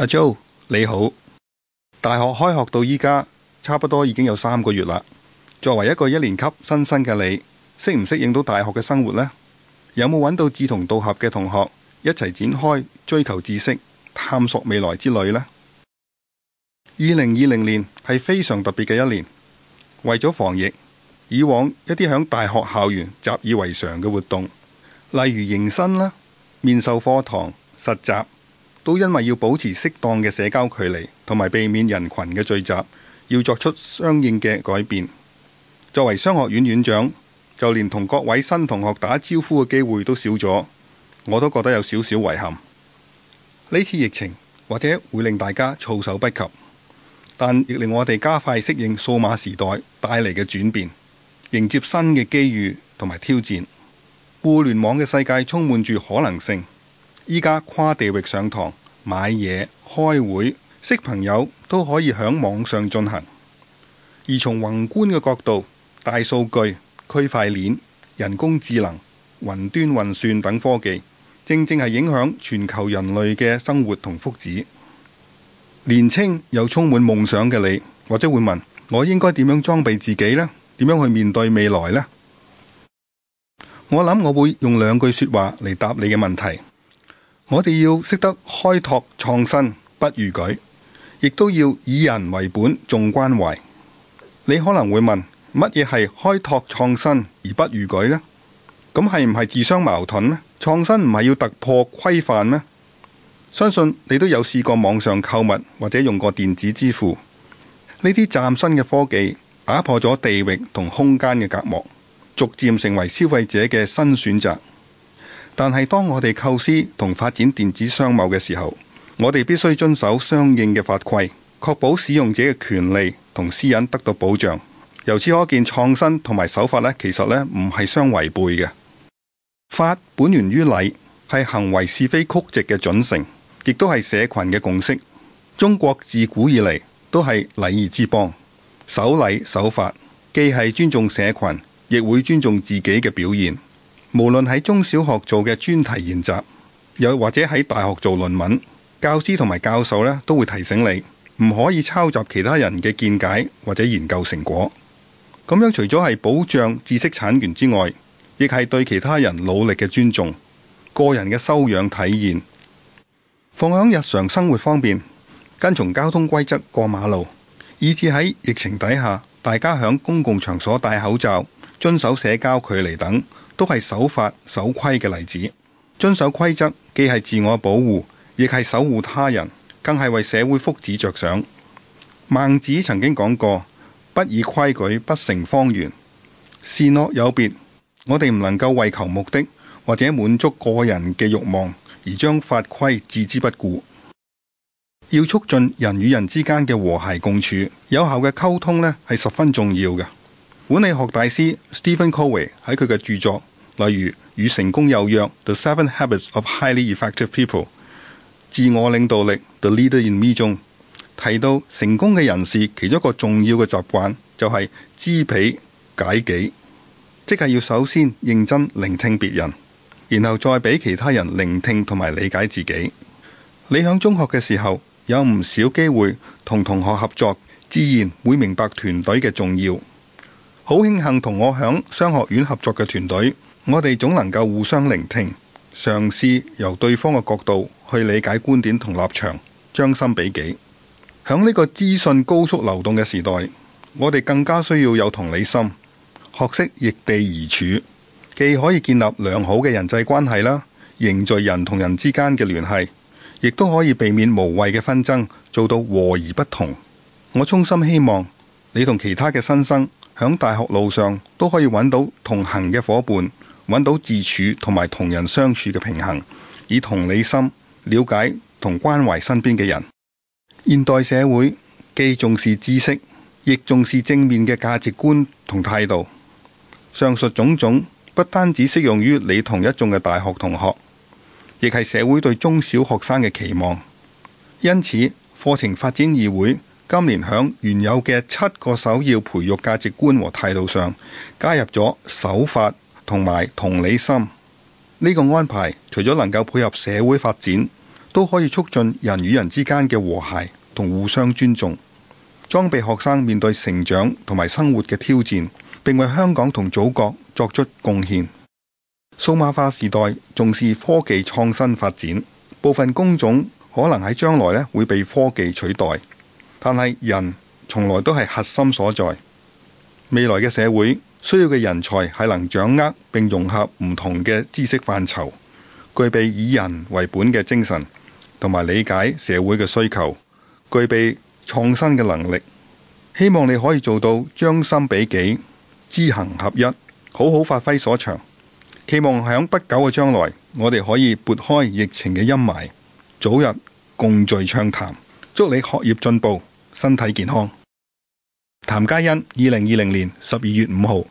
阿 Joe，你好！大學開學到依家，差不多已經有三個月啦。作為一個一年級新生嘅你，適唔適應到大學嘅生活呢？有冇揾到志同道合嘅同學一齊展開追求知識、探索未來之旅呢？二零二零年係非常特別嘅一年，為咗防疫，以往一啲響大學校園習以為常嘅活動，例如迎新啦、面授課堂、實習。都因為要保持適當嘅社交距離，同埋避免人群嘅聚集，要作出相應嘅改變。作為商學院院長，就連同各位新同學打招呼嘅機會都少咗，我都覺得有少少遺憾。呢次疫情或者會令大家措手不及，但亦令我哋加快適應數碼時代帶嚟嘅轉變，迎接新嘅機遇同埋挑戰。互聯網嘅世界充滿住可能性。依家跨地域上堂、買嘢、開會、識朋友都可以響網上進行。而從宏觀嘅角度，大數據、區塊鏈、人工智能、雲端運算等科技，正正係影響全球人類嘅生活同福祉。年青又充滿夢想嘅你，或者會問：「我應該點樣裝備自己呢？點樣去面對未來呢？」我諗我會用兩句說話嚟答你嘅問題。我哋要識得開拓創新，不逾矩，亦都要以人為本，重關懷。你可能會問：乜嘢係開拓創新而不逾矩呢？咁係唔係自相矛盾呢？創新唔係要突破規範咩？相信你都有試過網上購物或者用過電子支付，呢啲嶄新嘅科技打破咗地域同空間嘅隔膜，逐漸成為消費者嘅新選擇。但係，當我哋構思同發展電子商貿嘅時候，我哋必須遵守相應嘅法規，確保使用者嘅權利同私隱得到保障。由此可見，創新同埋守法呢，其實呢唔係相違背嘅。法本源於禮，係行為是非曲直嘅準繩，亦都係社群嘅共識。中國自古以嚟都係禮儀之邦，守禮守法，既係尊重社群，亦會尊重自己嘅表現。無論喺中小學做嘅專題研習，又或者喺大學做論文，教師同埋教授咧都會提醒你唔可以抄襲其他人嘅見解或者研究成果。咁樣除咗係保障知識產權之外，亦係對其他人努力嘅尊重，個人嘅修養體現。放喺日常生活方面，跟從交通規則過馬路，以至喺疫情底下，大家響公共場所戴口罩、遵守社交距離等。都係守法守規嘅例子，遵守規則既係自我保護，亦係守護他人，更係為社會福祉着想。孟子曾經講過：「不以規矩，不成方圓。善惡有別，我哋唔能夠為求目的或者滿足個人嘅欲望而將法規置之不顧。要促進人與人之間嘅和諧共處，有效嘅溝通呢係十分重要嘅。管理學大師 Stephen Covey 喺佢嘅著作。例如與成功有約，《The Seven Habits of Highly Effective People》自我領導力，《The Leader in Me》中提到，成功嘅人士其中一個重要嘅習慣就係知彼解己，即係要首先認真聆聽別人，然後再俾其他人聆聽同埋理解自己。你響中學嘅時候有唔少機會同同學合作，自然會明白團隊嘅重要。好慶幸同我響商學院合作嘅團隊。我哋總能夠互相聆聽，嘗試由對方嘅角度去理解觀點同立場，將心比己。響呢個資訊高速流動嘅時代，我哋更加需要有同理心，學識易地而處，既可以建立良好嘅人際關係啦，凝聚人同人之間嘅聯繫，亦都可以避免無謂嘅紛爭，做到和而不同。我衷心希望你同其他嘅新生響大學路上都可以揾到同行嘅伙伴。揾到自處同埋同人相處嘅平衡，以同理心了解同關懷身邊嘅人。現代社會既重視知識，亦重視正面嘅價值觀同態度。上述種種不單只適用於你同一眾嘅大學同學，亦係社會對中小學生嘅期望。因此，課程發展議會今年響原有嘅七個首要培育價值觀和態度上，加入咗守法。同埋同理心呢個安排，除咗能夠配合社會發展，都可以促進人與人之間嘅和諧同互相尊重，裝備學生面對成長同埋生活嘅挑戰，並為香港同祖國作出貢獻。數碼化時代重視科技創新發展，部分工種可能喺將來咧會被科技取代，但係人從來都係核心所在。未來嘅社會。需要嘅人才係能掌握並融合唔同嘅知識範疇，具備以人為本嘅精神，同埋理解社會嘅需求，具備創新嘅能力。希望你可以做到將心比己、知行合一，好好發揮所長。期望響不久嘅將來，我哋可以撥開疫情嘅陰霾，早日共聚暢談。祝你學業進步，身體健康。譚嘉因，二零二零年十二月五號。